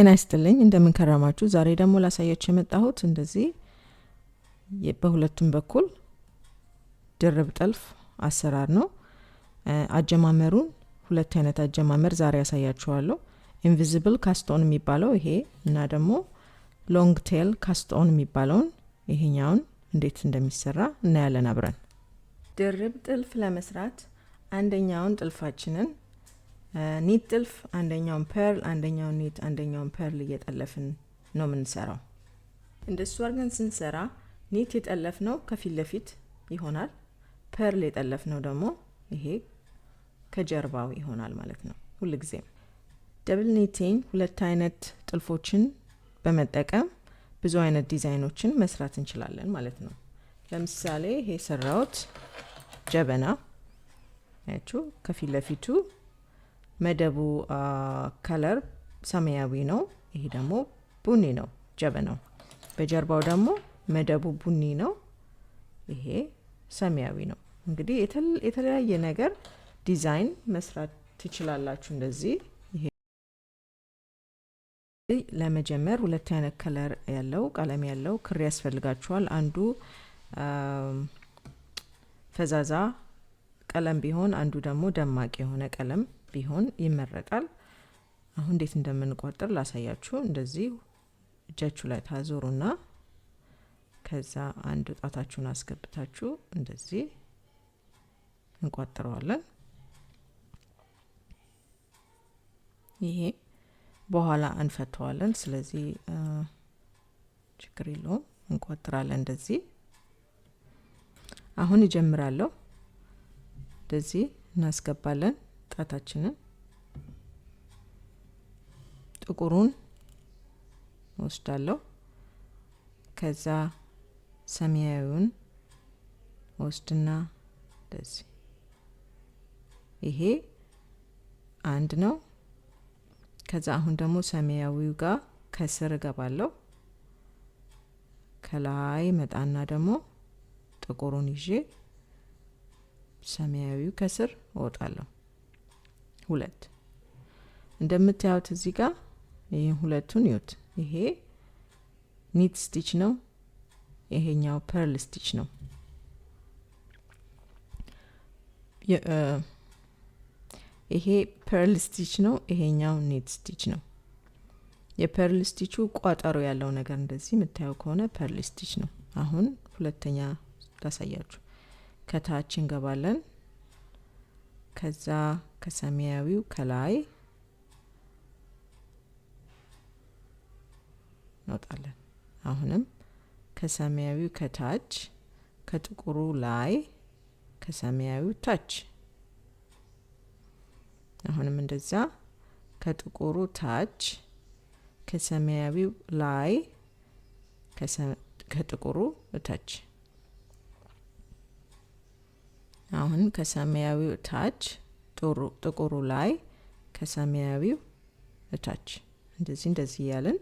ጤና ይስጥልኝ እንደምንከረማችሁ። ዛሬ ደግሞ ላሳያችሁ የመጣሁት እንደዚህ በሁለቱም በኩል ድርብ ጥልፍ አሰራር ነው። አጀማመሩን ሁለት አይነት አጀማመር ዛሬ ያሳያችኋለሁ። ኢንቪዚብል ካስቶን የሚባለው ይሄ እና ደግሞ ሎንግ ቴል ካስቶን የሚባለውን ይሄኛውን እንዴት እንደሚሰራ እናያለን አብረን። ድርብ ጥልፍ ለመስራት አንደኛውን ጥልፋችንን ኒት ጥልፍ አንደኛውን ፐርል አንደኛውን ኒት አንደኛውን ፐርል እየጠለፍን ነው የምንሰራው። እንደሱ አድርገን ስንሰራ ኒት የጠለፍ ነው ከፊት ለፊት ይሆናል። ፐርል የጠለፍ ነው ደግሞ ይሄ ከጀርባው ይሆናል ማለት ነው። ሁልጊዜም ደብል ኒቲንግ ሁለት አይነት ጥልፎችን በመጠቀም ብዙ አይነት ዲዛይኖችን መስራት እንችላለን ማለት ነው። ለምሳሌ ይሄ የሰራሁት ጀበና ያችሁ ከፊት ለፊቱ መደቡ ከለር ሰማያዊ ነው። ይሄ ደግሞ ቡኒ ነው ጀበናው። በጀርባው ደግሞ መደቡ ቡኒ ነው። ይሄ ሰማያዊ ነው። እንግዲህ የተለያየ ነገር ዲዛይን መስራት ትችላላችሁ። እንደዚህ ይሄ ለመጀመር ሁለት አይነት ከለር ያለው ቀለም ያለው ክር ያስፈልጋችኋል። አንዱ ፈዛዛ ቀለም ቢሆን፣ አንዱ ደግሞ ደማቅ የሆነ ቀለም ቢሆን ይመረጣል። አሁን እንዴት እንደምንቆጥር ላሳያችሁ። እንደዚህ እጃችሁ ላይ ታዞሩና ከዛ አንድ ጣታችሁን አስገብታችሁ እንደዚህ እንቆጥረዋለን። ይሄ በኋላ እንፈተዋለን። ስለዚህ ችግር የለውም እንቆጥራለን። እንደዚህ አሁን ይጀምራለሁ። እንደዚህ እናስገባለን። ቅርጫታችንን ጥቁሩን ወስዳለሁ። ከዛ ሰማያዊውን ወስድና እንደዚህ ይሄ አንድ ነው። ከዛ አሁን ደግሞ ሰማያዊው ጋር ከስር እገባለሁ። ከላይ መጣና ደግሞ ጥቁሩን ይዤ ሰማያዊው ከስር እወጣለሁ። ሁለት እንደምታዩት እዚህ ጋር ይህን ሁለቱን ይዩት። ይሄ ኒት ስቲች ነው፣ ይሄኛው ፐርል ስቲች ነው። ይሄ ፐርል ስቲች ነው፣ ይሄኛው ኒት ስቲች ነው። የፐርል ስቲቹ ቋጠሮ ያለው ነገር እንደዚህ የምታየው ከሆነ ፐርል ስቲች ነው። አሁን ሁለተኛ ታሳያችሁ። ከታች እንገባለን ከዛ ከሰማያዊው ከላይ እንወጣለን። አሁንም ከሰማያዊው ከታች ከጥቁሩ ላይ ከሰማያዊው ታች አሁንም እንደዛ ከጥቁሩ ታች ከሰማያዊው ላይ ከጥቁሩ ታች አሁን ከሰማያዊው ታች ጥቁሩ ላይ ከሰማያዊው እታች እንደዚህ እንደዚህ እያለን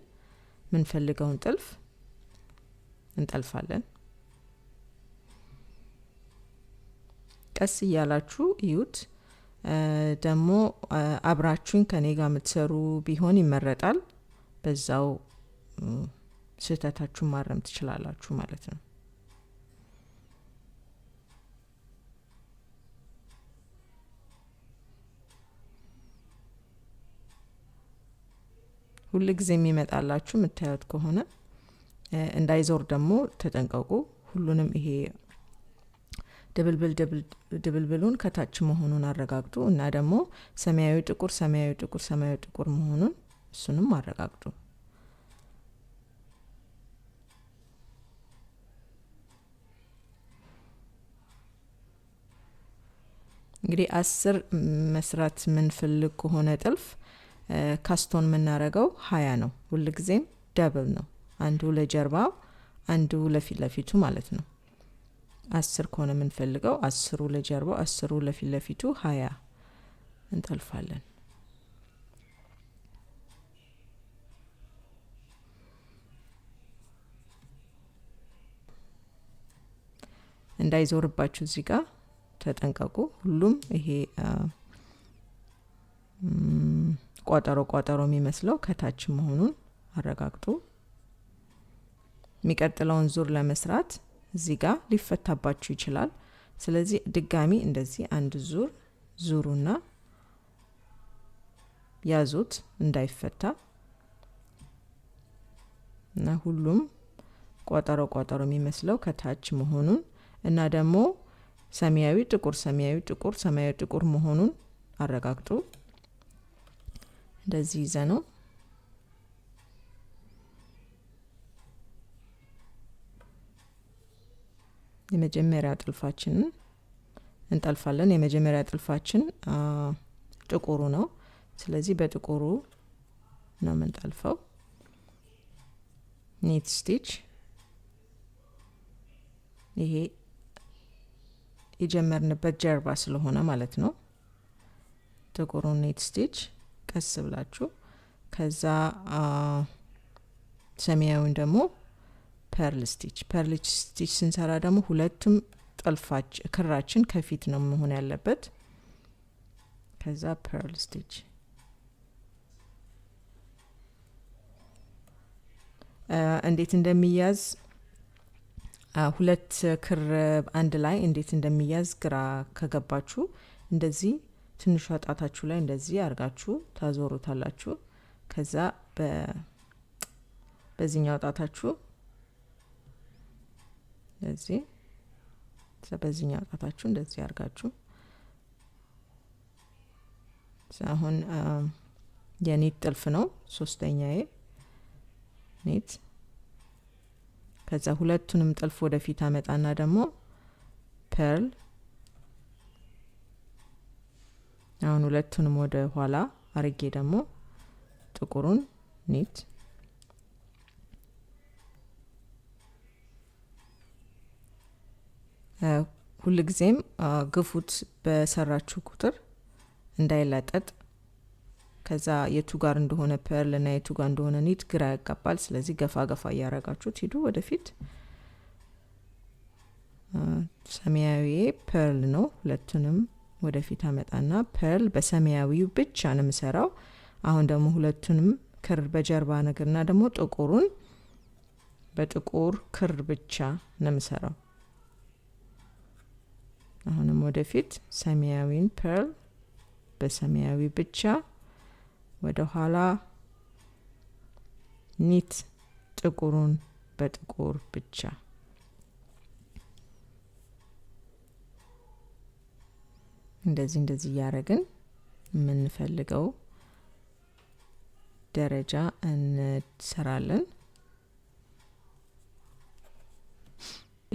የምንፈልገውን ጥልፍ እንጠልፋለን። ቀስ እያላችሁ እዩት። ደግሞ አብራችሁኝ ከኔ ጋር የምትሰሩ ቢሆን ይመረጣል። በዛው ስህተታችሁን ማረም ትችላላችሁ ማለት ነው። ሁል ጊዜ የሚመጣላችሁ የምታዩት ከሆነ እንዳይዞር ደግሞ ተጠንቀቁ። ሁሉንም ይሄ ድብልብል ድብልብሉን ከታች መሆኑን አረጋግጡ እና ደግሞ ሰማያዊ ጥቁር፣ ሰማያዊ ጥቁር፣ ሰማያዊ ጥቁር መሆኑን እሱንም አረጋግጡ። እንግዲህ አስር መስራት ምንፈልግ ከሆነ ጥልፍ ካስቶን የምናደርገው ሀያ ነው። ሁልጊዜም ደብል ነው። አንዱ ለጀርባው አንዱ ለፊት ለፊቱ ማለት ነው። አስር ከሆነ የምንፈልገው አስሩ ለጀርባው አስሩ ለፊት ለፊቱ ሀያ እንጠልፋለን። እንዳይዞርባችሁ እዚህ ጋር ተጠንቀቁ። ሁሉም ይሄ ቋጠሮ ቋጠሮ የሚመስለው ከታች መሆኑን አረጋግጡ። የሚቀጥለውን ዙር ለመስራት እዚህ ጋር ሊፈታባችሁ ይችላል። ስለዚህ ድጋሚ እንደዚህ አንድ ዙር ዙሩና ያዙት እንዳይፈታ እና ሁሉም ቋጠሮ ቋጠሮ የሚመስለው ከታች መሆኑን እና ደግሞ ሰማያዊ ጥቁር፣ ሰማያዊ ጥቁር፣ ሰማያዊ ጥቁር መሆኑን አረጋግጡ። እንደዚህ ይዘ ነው የመጀመሪያ ጥልፋችንን እንጠልፋለን። የመጀመሪያ ጥልፋችን ጥቁሩ ነው። ስለዚህ በጥቁሩ ነው የምንጠልፈው። ኔት ስቲች ይሄ የጀመርንበት ጀርባ ስለሆነ ማለት ነው። ጥቁሩ ኔት ስቲች ቀስ ብላችሁ ከዛ ሰማያዊውን ደግሞ ፐርል ስቲች ፐርል ስቲች ስንሰራ ደግሞ ሁለቱም ጥልፋች ክራችን ከፊት ነው መሆን ያለበት። ከዛ ፐርል ስቲች እንዴት እንደሚያዝ ሁለት ክር አንድ ላይ እንዴት እንደሚያዝ ግራ ከገባችሁ እንደዚህ ትንሿ ጣታችሁ ላይ እንደዚህ አርጋችሁ ታዞሩታላችሁ። ከዛ በዚህኛው ጣታችሁ እንደዚህ በዚህኛው ጣታችሁ እንደዚህ አርጋችሁ አሁን የኒት ጥልፍ ነው ሶስተኛዬ ኒት። ከዛ ሁለቱንም ጥልፍ ወደፊት አመጣና ደግሞ ፐርል አሁን ሁለቱንም ወደ ኋላ አርጌ ደግሞ ጥቁሩን ኒት ጊዜም ግፉት በሰራችሁ ቁጥር እንዳይላጠጥ ከዛ የቱ ጋር እንደሆነ ፐርል ና የቱ ጋር እንደሆነ ኒት ግራ ያጋባል። ስለዚህ ገፋ ገፋ እያረጋችሁት ሂዱ ወደፊት። ሰማያዊ ፐርል ነው ሁለቱንም ወደፊት አመጣና ፐርል በሰማያዊው ብቻ ነው የምሰራው። አሁን ደግሞ ሁለቱንም ክር በጀርባ ነገርና ደግሞ ጥቁሩን በጥቁር ክር ብቻ ነው የምሰራው። አሁንም ወደፊት ሰማያዊን ፐርል በሰማያዊ ብቻ ወደ ኋላ ኒት ጥቁሩን በጥቁር ብቻ እንደዚህ እንደዚህ እያደረግን የምንፈልገው ደረጃ እንሰራለን።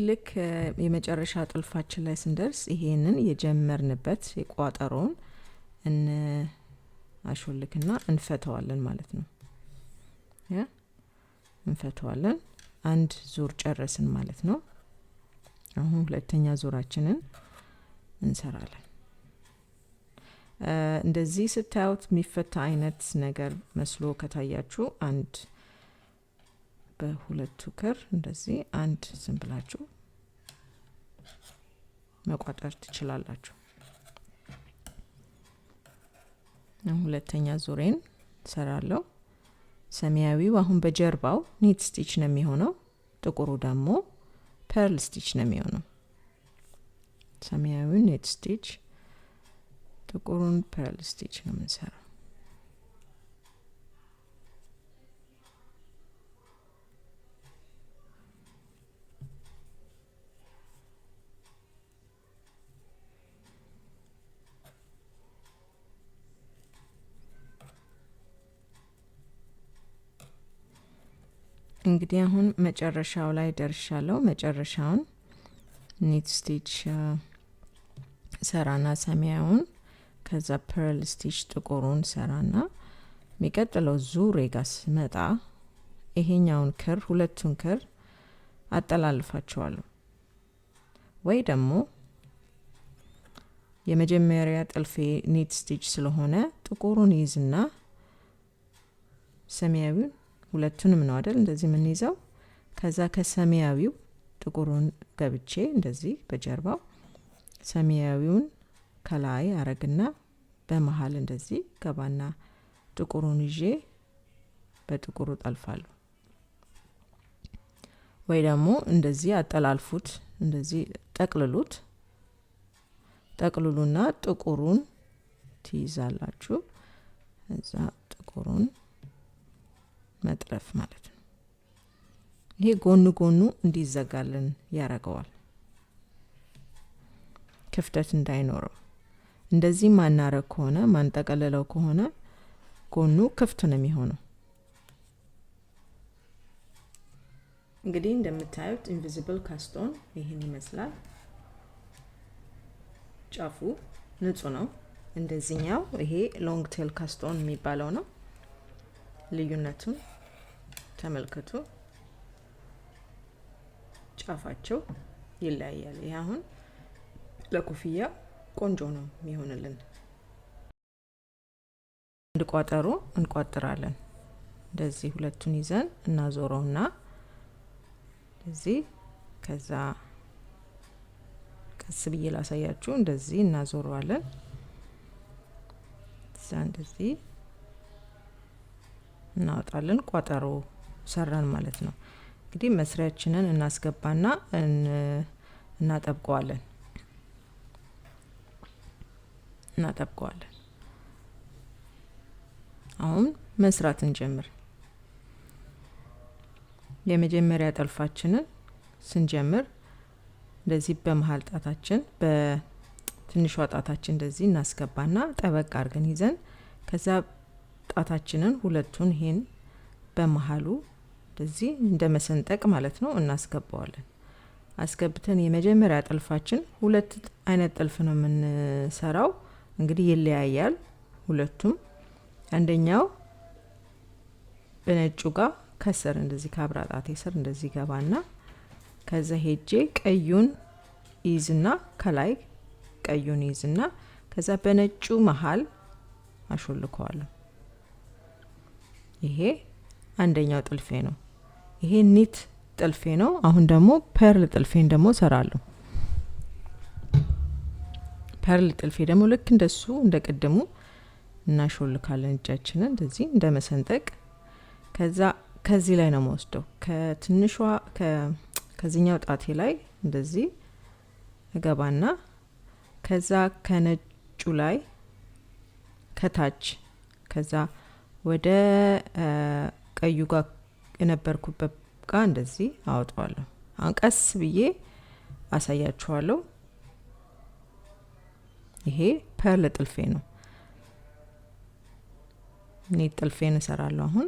ልክ የመጨረሻ ጥልፋችን ላይ ስንደርስ ይሄንን የጀመርንበት የቋጠሮውን አሾልክና እንፈተዋለን ማለት ነው። ያ እንፈተዋለን። አንድ ዙር ጨረስን ማለት ነው። አሁን ሁለተኛ ዙራችንን እንሰራለን። እንደዚህ ስታዩት የሚፈታ አይነት ነገር መስሎ ከታያችሁ አንድ በሁለቱ ክር እንደዚህ አንድ ዝም ብላችሁ መቋጠር ትችላላችሁ። ሁለተኛ ዙሬን ሰራለው። ሰማያዊው አሁን በጀርባው ኒት ስቲች ነው የሚሆነው። ጥቁሩ ደግሞ ፐርል ስቲች ነው የሚሆነው። ሰማያዊው ኒት ስቲች ጥቁሩን ፐርል ስቲች ነው የምንሰራው። እንግዲህ አሁን መጨረሻው ላይ ደርሻለሁ። መጨረሻውን ኒት ስቲች ሰራና ሰማያውን ከዛ ፐርል ስቲች ጥቁሩን ሰራና የሚቀጥለው ዙሬ ጋር ስመጣ ይሄኛውን ክር ሁለቱን ክር አጠላልፋቸዋለሁ ወይ ደግሞ የመጀመሪያ ጥልፌ ኒት ስቲች ስለሆነ ጥቁሩን ይዝና ሰማያዊውን ሁለቱንም ነው አይደል እንደዚህ የምንይዘው። ከዛ ከሰማያዊው ጥቁሩን ገብቼ እንደዚህ በጀርባው ሰማያዊውን ከላይ አረግና በመሀል እንደዚህ ገባና ጥቁሩን ይዤ በጥቁሩ ጠልፋለሁ። ወይ ደግሞ እንደዚህ አጠላልፉት፣ እንደዚህ ጠቅልሉት። ጠቅልሉና ጥቁሩን ትይዛላችሁ። እዛ ጥቁሩን መጥለፍ ማለት ነው። ይሄ ጎኑ ጎኑ እንዲዘጋልን ያረገዋል፣ ክፍተት እንዳይኖረው እንደዚህ ማናረግ ከሆነ ማንጠቀልለው ከሆነ ጎኑ ክፍት ነው የሚሆነው። እንግዲህ እንደምታዩት ኢንቪዚብል ካስቶን ይህን ይመስላል። ጫፉ ንጹህ ነው። እንደዚህኛው ይሄ ሎንግ ቴል ካስቶን የሚባለው ነው። ልዩነቱን ተመልከቱ። ጫፋቸው ይለያያል። ይህ አሁን ለኮፍያ ቆንጆ ነው የሚሆንልን። አንድ ቋጠሮ እንቋጥራለን። እንደዚህ ሁለቱን ይዘን እናዞረውና እዚህ ከዛ ቀስ ብዬ ላሳያችሁ። እንደዚህ እናዞረዋለን። እዛ እንደዚህ እናወጣለን። ቋጠሮ ሰራን ማለት ነው። እንግዲህ መስሪያችንን እናስገባና እናጠብቀዋለን። እናጠብቀዋለን። አሁን መስራት እንጀምር። የመጀመሪያ ጠልፋችንን ስንጀምር እንደዚህ በመሀል ጣታችን በትንሿ ጣታችን እንደዚህ እናስገባና ጠበቅ አድርገን ይዘን ከዛ ጣታችንን ሁለቱን ይሄን በመሀሉ እንደዚህ እንደ መሰንጠቅ ማለት ነው እናስገባዋለን። አስገብተን የመጀመሪያ ጥልፋችን ሁለት አይነት ጥልፍ ነው የምንሰራው። እንግዲህ ይለያያል ሁለቱም። አንደኛው በነጩ ጋር ከስር እንደዚህ ከአብራ ጣቴ ስር እንደዚህ ገባና ከዛ ሄጄ ቀዩን ይዝና ከላይ ቀዩን ይዝና ከዛ በነጩ መሀል አሾልከዋለሁ። ይሄ አንደኛው ጥልፌ ነው። ይሄ ኒት ጥልፌ ነው። አሁን ደግሞ ፐርል ጥልፌን ደግሞ ሰራለሁ። ፐርል ጥልፌ ደግሞ ልክ እንደሱ እንደ ቅድሙ እናሾልካለን እጃችንን እንደዚህ እንደ መሰንጠቅ። ከዛ ከዚህ ላይ ነው መወስደው ከትንሿ ከዚህኛው ጣቴ ላይ እንደዚህ እገባና ከዛ ከነጩ ላይ ከታች ከዛ ወደ ቀዩ ጋር የነበርኩበት ጋር እንደዚህ አወጣዋለሁ። አሁን ቀስ ብዬ አሳያችኋለሁ። ይሄ ፐርል ጥልፌ ነው። እኔ ጥልፌን እሰራለሁ አሁን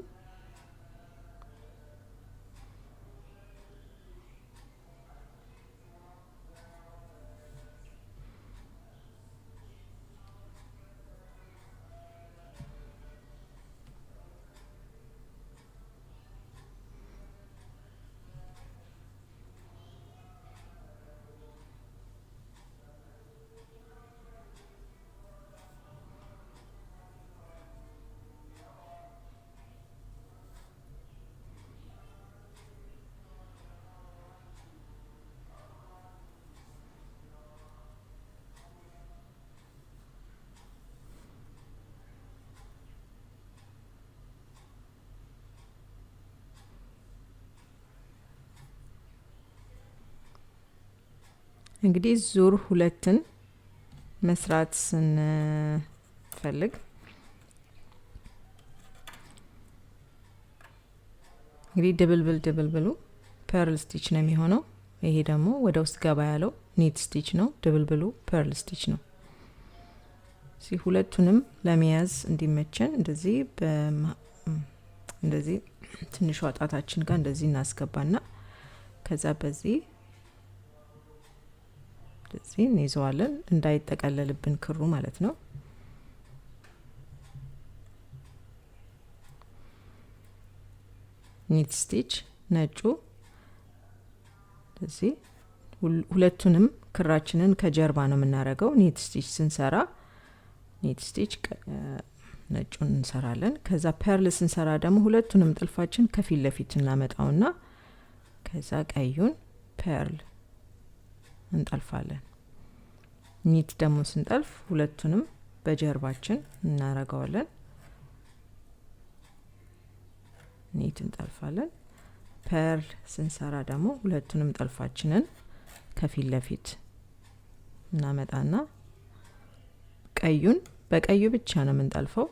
እንግዲህ ዙር ሁለትን መስራት ስንፈልግ እንግዲህ ድብልብል ድብልብሉ ፐርል ስቲች ነው የሚሆነው። ይሄ ደግሞ ወደ ውስጥ ገባ ያለው ኒት ስቲች ነው። ድብልብሉ ፐርል ስቲች ነው። እዚህ ሁለቱንም ለመያዝ እንዲመቸን እንደዚህ እንደዚህ ትንሿ ጣታችን ጋር እንደዚህ እናስገባና ከዛ በዚህ እዚህ እንይዘዋለን እንዳይጠቀለልብን ክሩ ማለት ነው። ኒት ስቲች ነጩ እዚህ ሁለቱንም ክራችንን ከጀርባ ነው የምናደርገው። ኒት ስቲች ስንሰራ ኒት ስቲች ነጩን እንሰራለን። ከዛ ፐርል ስንሰራ ደግሞ ሁለቱንም ጥልፋችን ከፊት ለፊት እናመጣውና ከዛ ቀዩን ፐርል እንጠልፋለን። ኒት ደግሞ ስንጠልፍ ሁለቱንም በጀርባችን እናረገዋለን። ኒት እንጠልፋለን። ፐርል ስንሰራ ደግሞ ሁለቱንም ጠልፋችንን ከፊት ለፊት እናመጣና ቀዩን በቀዩ ብቻ ነው የምንጠልፈው።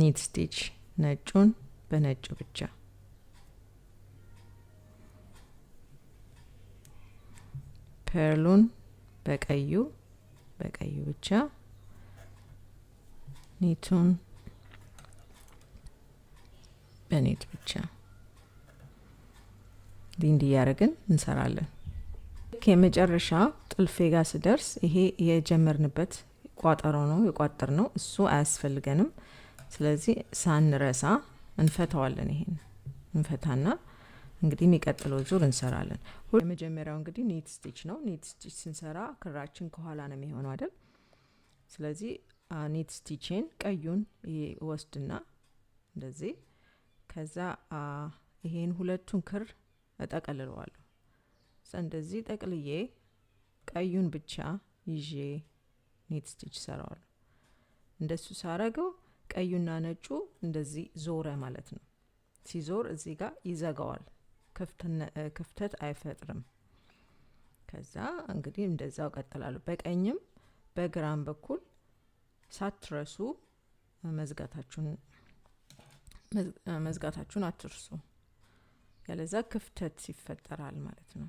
ኒት ስቲች ነጩን በነጩ ብቻ ፐርሉን በቀዩ በቀዩ ብቻ ኔቱን በኔት ብቻ ዲንድ እያደረግን እንሰራለን። ልክ የመጨረሻ ጥልፌ ጋር ስደርስ ይሄ የጀመርንበት ቋጠሮ ነው የቋጠር ነው እሱ አያስፈልገንም። ስለዚህ ሳንረሳ እንፈታዋለን። ይሄን እንፈታና እንግዲህ የሚቀጥለው ዙር እንሰራለን። የመጀመሪያው እንግዲህ ኒት ስቲች ነው። ኒት ስቲች ስንሰራ ክራችን ከኋላ ነው የሚሆነው አይደል? ስለዚህ ኒት ስቲችን ቀዩን ወስድና እንደዚህ ከዛ ይሄን ሁለቱን ክር እጠቀልለዋለሁ። እንደዚህ ጠቅልዬ ቀዩን ብቻ ይዤ ኒት ስቲች ሰራዋለሁ። እንደሱ ሳረገው ቀዩና ነጩ እንደዚህ ዞረ ማለት ነው። ሲዞር እዚህ ጋር ይዘጋዋል። ክፍተት አይፈጥርም። ከዛ እንግዲህ እንደዛው ቀጥላሉ። በቀኝም በግራም በኩል ሳትረሱ መዝጋታችሁን መዝጋታችሁን አትርሱ። ያለዛ ክፍተት ይፈጠራል ማለት ነው።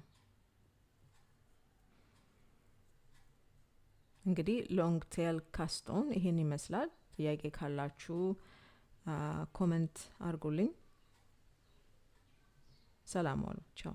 እንግዲህ ሎንግ ቴል ካስቶን ይሄን ይመስላል። ጥያቄ ካላችሁ ኮመንት አድርጉልኝ። ሰላም ዋሉ። ቻው።